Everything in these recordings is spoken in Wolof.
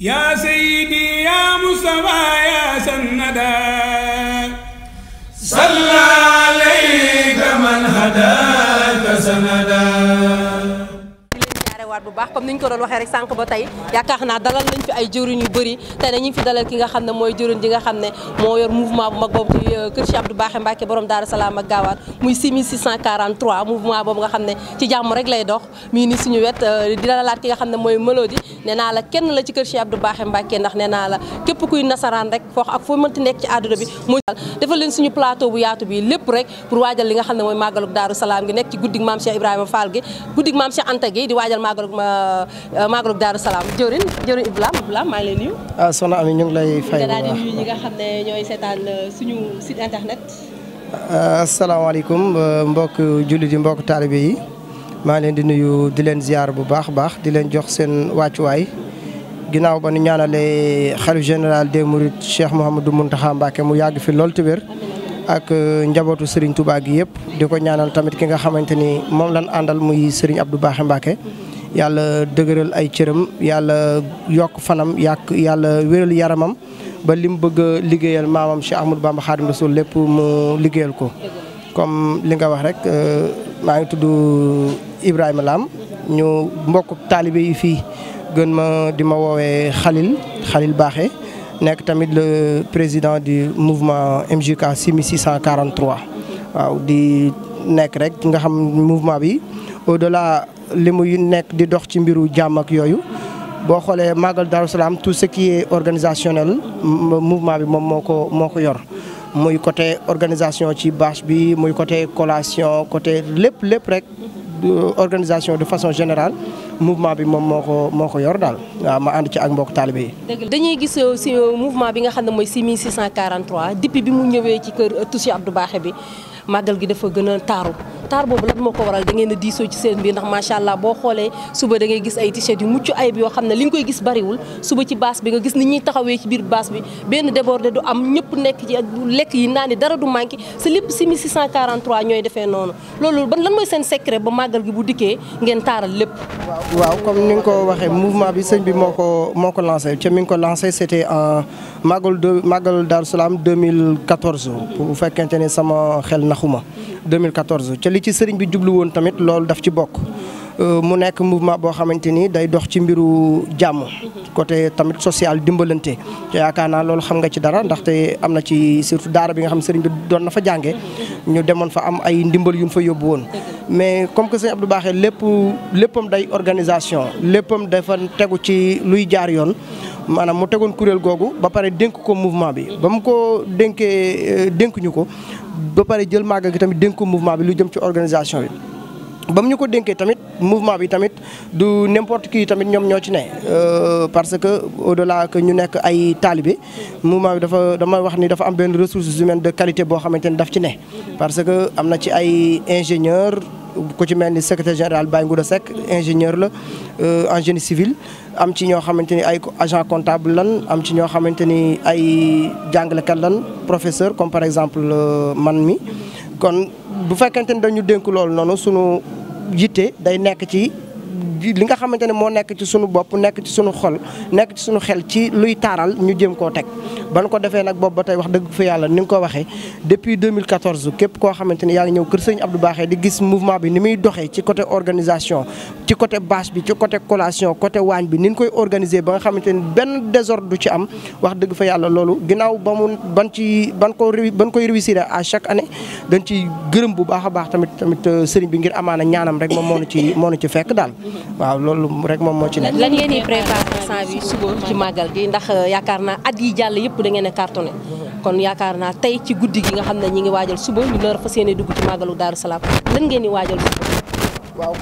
يا سيدي يا مصطفى يا سندا صلى عليك من هداك سندا bu baax comme ni ñu ko doon waxee rek sànq ba tey yaakaar naa dalal nañ fi ay jëriñ yu bëri tey dañu fi dalal ki nga xam ne mooy jëriñ nga xam ne moo yor mouvement bu mag boobu ci euh, kër Cheikh Abdou Bakhe Mbacke lay suñu wet euh, di dalalaat nga xam ne mooy Mélodie nee naa la kenn la ci kër Cheikh Abdou Bakhe Mbacke ndax nee naa la képp kuy nasaraan rek foox ak foo mënti nekk ci àdduna bi mooy defal leen suñu plateau bu yaatu bi lépp rek pour waajal li nga xam ne mooy màggalug Daaru Salaam gi nekk ci guddig maam Cheikh Ibrahima Fall gi guddig maam Cheikh Anta gi di waajal màggalug Magalub euh, Daaru Salaam jëwrin jëwrin Ibrahima maa ngi lay nuyu. ah soxna ñu ngi lay fay bu baax euh, ah, euh, mbokk jullit yi mbokk taalibe yi maa ngi leen di nuyu di leen ziar bu baax baax di leen jox seen wàccuwaay. ginnaaw ba nu ñaanalee xalif général des Mourides Cheikh Mouhamadou Mountakha Mbacké mu yàgg fi lool te wér ak njabootu Serigne Touba gi yëpp di ko ñaanal tamit ki nga xamante ni moom lañ àndal muy Serigne baax Bakhe Mbacké mm-hmm. yàlla dëgëral ay cëram yàlla yokk fanam yàq yàlla wéral yaramam ba li mu bëgg liggéeyal maamam Cheikh Ahmadou Bamba Khadim Rasoul lépp mu liggéeyal ko. comme li nga wax rek euh, maa ngi tudd Ibrahima Lam ñu mbokk taalibe yi fii gën ma di ma woowee Khalil Khalil Baaxe nekk tamit le président du mouvement MJK 6643 waaw di nekk rek nga xam mouvement bi au delà. li muy nekk di dox ci mbiru jàmm yooyu boo xoolee Magal Darou Salaam tout ce qui est organisationnel mouvement bi moom moo ko moo ko yor. muy côté organisation ci bâche bi muy côté collation côté lépp lépp rek euh, organisation de façon général mouvement bi moom moo ko moo ko yor daal. waaw ma ànd ci ak mbokk taalibe dañuy gis euh, si euh, mouvement bi nga xam ne mooy 6643 depuis bi mu ñëwee ci kër euh, Touche Abdou Baaxe bi màggal gi dafa gën a taaru taar boobu lan da ngeen a diisoo ci seen biir ndax ni ñuy taxawee ci biir baas bi benn débordé du am ñëpp nekk mooy seen secret ba màggal gi bu dikkee ngeen taaral lépp. waaw comme ni nga ko waxee mouvement bi sëñ bi moo ko moo ko lancé ca mi ngi ko lancé c'était en màggal de màggal Darou Salaam 2014 bu fekkente ne sama xel naxuma 2014 ca li ci sëriñ bi jublu woon tamit loolu daf ci bokk Euh, mu nekk mouvement boo xamante ni day dox ci mbiru jàmm côté tamit social dimbalante te yaakaar naa loolu xam nga ci dara ndaxte am na ci surtout daara bi nga xam sëriñ bi doon na fa jànge ñu demoon fa am ay ndimbal yu mu fa yóbbu woon mais comme que sëñ Abdou Baaxee lépp léppam day organisation léppam dafa tegu ci luy jaar yoon maanaam mu tegoon kuréel googu ba pare dénk ko mouvement bi ba mu ko dénkee euh, dënkuñu ko ba pare jël màggal gi tamit dénk ko mouvement bi lu jëm ci organisation bi ba mu ñu ko dénkee tamit mouvement bi tamit du n'importe qui tamit ñoom ñoo ci ne euh, parce que au la que ñu nekk ay talibé mouvement bi dafa damay wax ni dafa am benn ressources humaines de qualité boo xamante ni daf ci ne. parce que am na ci ay ingénieurs ko ci mel ni secrétaire général Baye de Seck ingénieur la euh, en génie civil am ci ñoo xamante ni ay agent comptable lan am ci ñoo xamante ni ay jàngalekat lan professeur comme par exemple euh, man mi bu fekkente ni dañu dénk lool noonu sunu yitte day nekk ci li nga xamante ne moo nekk ci suñu bopp nekk ci sunu xol nekk ci suñu xel ci luy taaral ñu jéem koo teg ban ko defee nag boobu ba tey wax dëgg fa yàlla ni nga ko waxee depuis 2014 képp koo xamante ne yaa ngi ñëw kër sëñ Abdou Baxé di gis bi ni muy doxee ci côté organisation ci côté bâche bi ci côté collation côté waañ bi ni ñu koy organiser ba nga xamante ni benn désordre du ci am wax dëgg fa yàlla loolu ginnaaw ba mu ban ci ban ko ban koy réussir à chaque année dañ ci gërëm bu baax a baax tamit tamit euh, sëriñ bi ngir amaana ñaanam rek moom moo nu ci moo nu ci fekk daal waaw loolu rek moom moo ci nekk. lan ngeen di préparer saa bi suba ci màggal gi ndax euh, yaakaar naa at yi jàll yëpp da ngeen a kon yaakaar naa tey ci guddi gi nga xam ne ñi ngi waajal suba ñu nar fa seen dugg ci màggalu Daaru Salaam lan ngeen di waajal suba.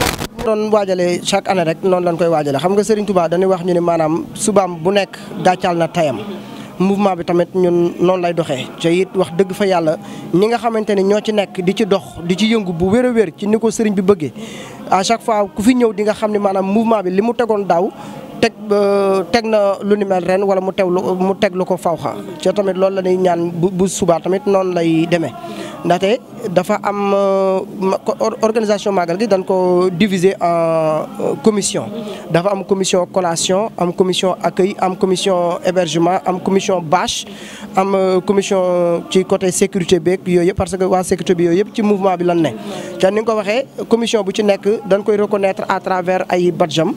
waajalee chaque année rek noonu lañ koy waajalee xam nga Serigne dañuy wax ñu ne maanaam subaam bu nekk gàccaal na tayam mouvement bi tamit ñun noonu lay doxee te it wax dëgg fa yàlla ñi nga xamante ne ñoo ci nekk di ci dox di ci yëngu bu wér a wér ci ni ko sëriñ bi bëggee à chaque fois ku fi ñëw di nga xam ne maanaam mouvement bi li mu tegoon daaw teg teg na lu ni ren wala mu tew mu teg lu ko faw xa ci tamit loolu la ñuy ñaan bu bu subaa tamit noonu lay deme ndaxte dafa am organisation magal gi dañ ko diviser en euh, commission dafa am commission collation am commission accueil am commission hébergement am commission bâche am euh, commission ci côté sécurité beeg yooyu yëpp parce que waa sécurité bi yooyu yëpp ci mouvement bi lan ne te ni nga ko waxee commission bu ci nekk dañ koy reconnaître à travers ay badjam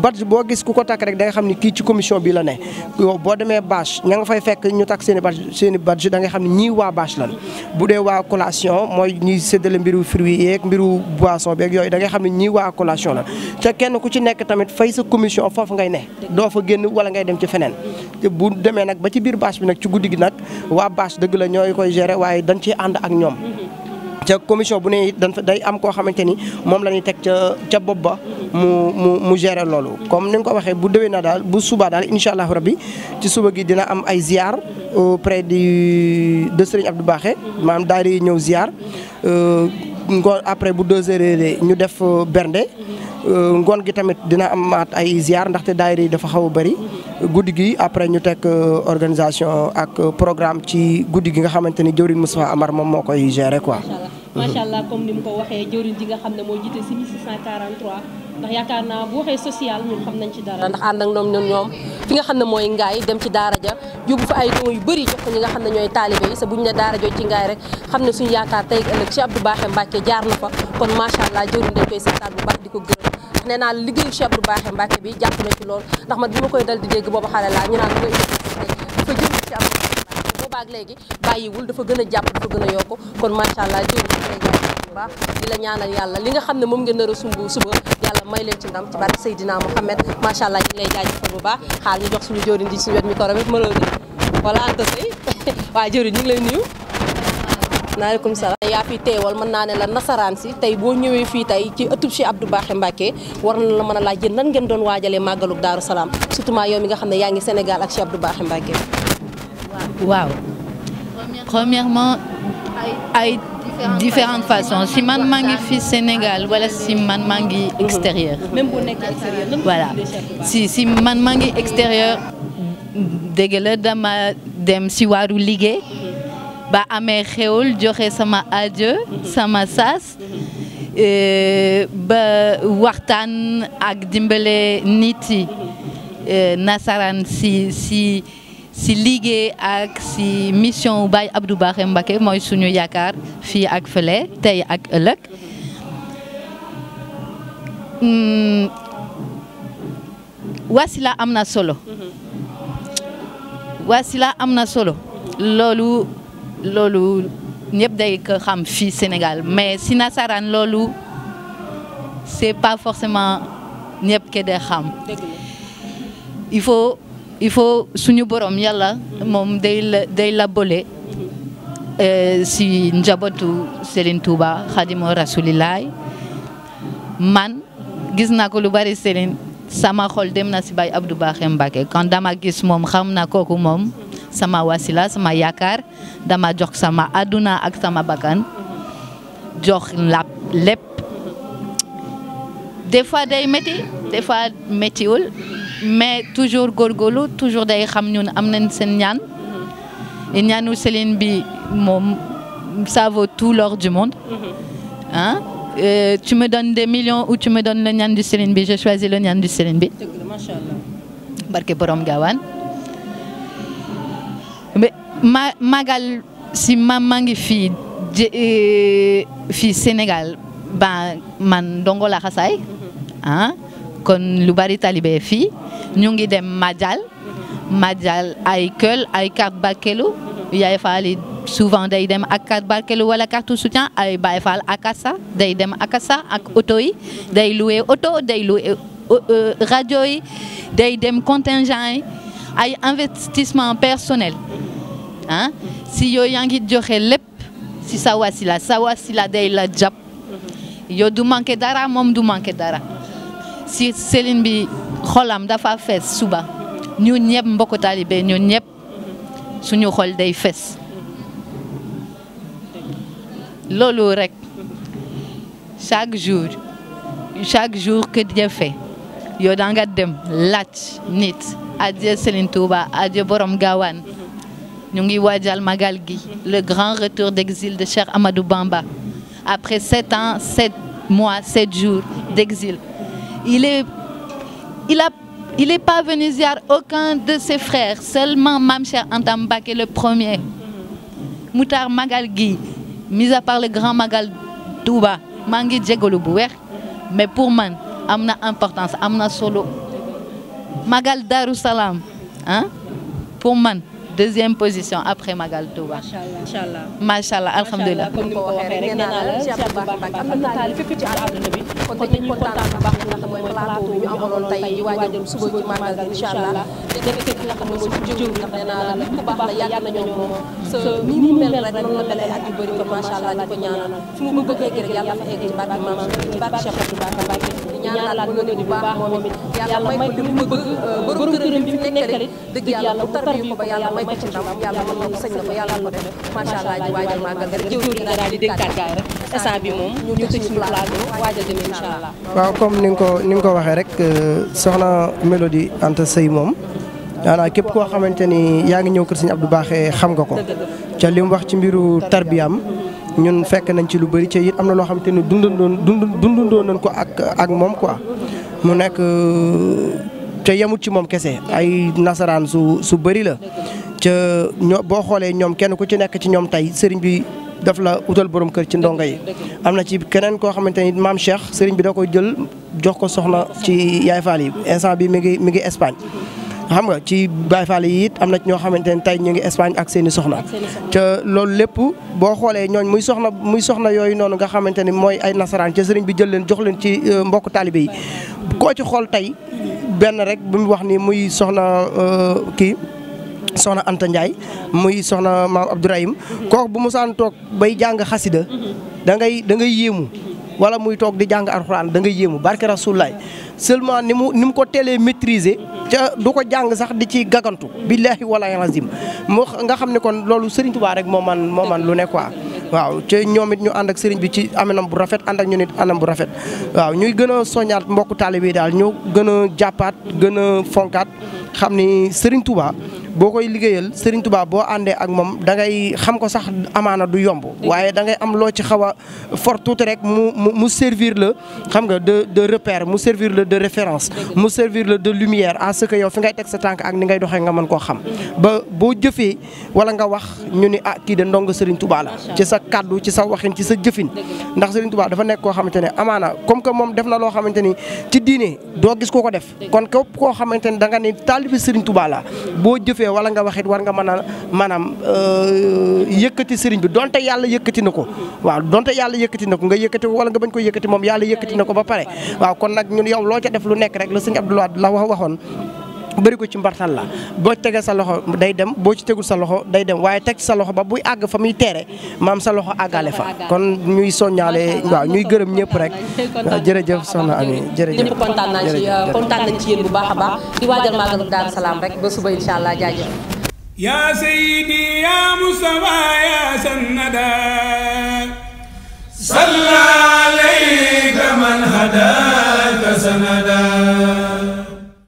badge boo gis ku ko takk rek da xam ni kii ci commission bi la ne yow boo demee bâche ña fay fekk ñu takk seen i badge seen i da nga xam ni ñii waa lan bu dee waa collation mooy ñuy séddale mbiru fruit yeeg mbiru boisson beeg yooyu da xam ne ñii waa collation lan te kenn ku ci nekk tamit fay sa commission foofu ngay ne doo fa génn wala ngay dem ci feneen bu demee nag ba ci biir bâche bi nag ci guddi gi nag waa bâche dëgg la ñooy koy gere waaye dañ ciy ànd ak ñoom ca commission bu ne it dañ day am koo xamante ni moom la ñuy teg ca ca bopp ba mu mu mu gérer loolu comme ni nga ko waxee bu déwee na daal bu subaa daal incha allah rabbi ci suba gi dina am ay ziar auprès du de Serigne Abdou Baxé maam daal di ñëw ziar euh, ngoon après bu deux heures ñu def euh, bernde euh, ngoon gi tamit dina amaat ay ziar ndaxte daayira yi dafa xaw a bëri guddi gi après ñu teg euh, organisation ak programme ci guddi gi nga xamante ni jëwriñ Moustapha Amar moom moo koy gérer quoi. ko waxee jëwriñ ji nga xam ne moo jiite si 1643 nañ ci dara. ndax ànd ak ñoom ñun ñoom nga xam ne mooy ngaay dem ci daara ja yóbbu yu bëri jox ko ñi nga ñooy taalibe yi sa buñ ne daara jooju ci ngaay rek xam ne suñu yaakaar tey ëllëg ci Abdou Bakhe jaar na fa bu baax di ko gërëm nee naa liggéeyu Cheikh Abdou Baaxe Mbàkke bi jàpp na ci loolu ndax man bi ma koy dal di dégg boobu xale laa ñu naan ko dafa jëm ci am boobaak dafa gën a jàpp dafa gën a kon macha allah baax di la ñaanal yàlla li nga xam ne moom ngeen nar a sumb suba yàlla may leen ci ndam ci barke Seydina Mohamed macha allah ñu ngi lay jaajëfal bu baax xaal ñu jox suñu jëriñ di suñu wet micro bi mënoo voilà Anta Seye waa jëriñ ñu lay nuyu maaleykum salaam yaa fi mën naa ne nasaraan si tey boo ñëwee fii tey ci ëttub Cheikh Abdou Bakhe Mbacke war na la mën a nan ngeen doon waajalee màggalub Daaru Salaam surtout yow mi nga xam ne yaa ngi Sénégal ak Cheikh Abdou waaw premièrement ay différentes si man maa ngi fii Sénégal wala si man maa ngi extérieur même bu nekk extérieur man maa ngi extérieur dégg la dama dem si waaru liggéey ba amee xewul joxe sama adieu sama saas e, ba waxtaan ak dimbale nit yi e, nasaraan si si si liggéey ak si mission Baye Abdou Bakhe Mbacké mooy suñu yaakaar fii ak fële tey ak ëllëg hmm, wasila am na solo wasila am na solo loolu loolu ñëpp day ko xam fii Sénégal mais si nasaraan loolu c'est pas forcément ñëpp ke day xam il faut suñu borom yàlla moom day la day la boole euh, si njabootu Serigne Touba Khadimo Rasulilaay man gis naa ko lu bari Serigne sama xol dem na si Baye Abdou Bakhem Mbacké quand dama gis moom xam na kooku moom sama wasila sama yaakaar dama jox sama àdduna ak sama bakkan jox lap lépp des fois day métti des fois méttiwul mais toujours góorgóorlu toujours day xam ñun am nañ seen ñaan ñaanu Céline bi moom ça vaut tout l'or du monde ah Euh, tu me donnes des millions ou tu me donnes le ñaan du Serigne bi je choisis le ñaan du Serigne bi barke borom gaawaan ma magal si ma maa ngi fii e, fii Sénégal ba man dongo la xasaay mhm. ah kon lu bari talibe fii ñu ngi dem Majal Majal ay Keul ay carte Barkelou mhm. yaay faali souvent day dem ak carte Barkelou wala carte soutien ay Baay Faal akasa day dem akasa ak oto yi day oto day loué e, e, rajo yi day dem contingent yi ay investissement personnel ah si yow yaa ngi joxe lépp si sa wasila sa wasila day la jàpp yow du manqué dara moom du manqué dara si Serigne bi xolam dafa fees suba ñu ñëpp mbokk taalibe ñun ñëpp suñu xol day fees loolu rek chaque jour chaque jour que Dieu fait yow danga dem laaj nit adieu Serigne Touba adieu borom gaawaan ñu ngi waajal magal gi le grand retour d'exil de Cheikh Amadou Bamba après sept ans sept mois sept jours d'exil il est il a il est pas venu ziar aucun de ses frères seulement Mame Cheikh Anta Mbacké le premier Moutar magal gi mis à part le grand magal Touba maa ngi jégalu bu weer mais pour man am na importance am na solo magal Darou Salam ah pour man deuxième position après Magal Touba. macha allah macha allah alhamdulilah. comme ni ko waxee rek nee naa la Cheikh bu baax nag am na taal fépp ci àdduna bi. kon dañuy kontaan bu baax nga xam mooy plateau bi ñu amaloon tey di waajal dem suba ci Magal bi incha allah. te dégg nga nga xam ne mooy suñu jiw ndax nee naa la ku baax la yàgg na ñoom moom. sa nii mu mel rek noonu la mel ak yu bëri ko macha allah di ko ñaanal fu mu bëgg a egg rek yàlla fa egg ci barke maam ci barke Cheikh bu baax ñaanalaat mënadi may ko li mu bëgg euh, borom këram bi mu nekkalit dëgg may ko ci ndam waaw comme ni nga ko ni nga ko waxee rek euh, soxna Mélodie Anta Seye moom maanaam képp koo xamante ni yaa ngi ñëw kër sëñ Abdou Baaxe xam nga ko ca li wax ci mbiru tarbiyaam ñun fekk nañ ci lu bëri ci it am na loo xamante ni dundandoon dundandoo nañ ko ak ak moom quoi mu nekk te yemut ci moom kese ay nasaraan su su bëri la ca ñoo boo xoolee ñoom kenn ku ci nekk ci ñoom tey sëriñ bi daf la utal borom kër ci ndongo yi am na ci keneen koo xamante ni maam Cheikh sëriñ bi da koy jël jox ko soxna ci yaay faal yi instant bi mi ngi mi ngi Espagne xam nga ci Baye Fall yi it am na ñoo xamante ne tey ñu ngi Espagne ak seeni i soxna te loolu lépp boo xoolee ñooñ muy soxna muy soxna yooyu noonu nga xamante ne mooy ay nasaraan ca sëriñ bi jël leen jox leen ci euh, mbokk taalibe yi koo ci xool tey benn rek bu mu wax ni muy soxna euh, kii soxna Anta Ndiaye muy soxna maam Abdourahim mm-hmm. kooku bu mu saan toog bay jàng xasida mm-hmm. da da ngay yéemu wala muy toog di jàng alxuraan da nga yéemu barke rasulaay seulement ni mu ni mu ko teelee maîtriser ca du ko jàng sax di ci gagantu billaahi walaay azim moo nga xam ne kon loolu Serigne Touba rek moo man moo man lu ne quoi waaw te ñoom it ñu ànd ak sëriñ bi ci ameenam bu rafet ànd ak nit anam bu rafet waaw ñuy gën a soññaat mbokku taalibe daal ñu gën a jàppaat gën a fonkaat xam ni Serigne Touba boo koy liggéeyal Serigne Touba boo àndee ak moom dangay xam ko sax amaana du yomb waaye da ngay am loo ci xaw a fort tuuti rek mu mu servir la xam nga de de repère mu servir la de référence mu servir la de lumière à ce que yow fi ngay teg sa tànk ak ni ngay doxee nga mën koo xam ba boo jëfee wala nga wax ñu ni a ah, kii de ndongo Serigne Touba la ci sa kaddu ci sa waxin ci sa jëfin ndax Serigne Touba dafa nekk koo xamante ne amaana comme que moom def na loo xamante ni diine doo gis ko ko def kon koo xamante ne da nga ne taalibi Serigne la jëfee wala nga waxit war nga mën a maanaam euh, yëkkati sëriñ bi donte yàlla yëkkati na ko waaw donte yàlla yëkkati na ko nga yëkkati ko wala nga bañ ko yëkkati moom yàlla yëkkati na ko ba pare waaw kon nag ñun yow loo ca def lu nekk rek la sëñ Abdoulaye la wax waxoon bëri ko ci mbartal la boo tegee sa loxo day dem boo ci tegul sa loxo day dem waaye teg sa loxo ba buy àgg fa muy teere maam sa loxo àggale fa kon ñuy soññaale waaw ñuy gërëm ñëpp rek waaw jërëjëf soxna Ami jërëjëf ñëpp kontaan nañ ci kontaan bu baax a baax di waajal màggalu Daaru Salaam rek ba suba insha allah jaajëf yaa sayyidi yaa Mustafa yaa sannada salla alayka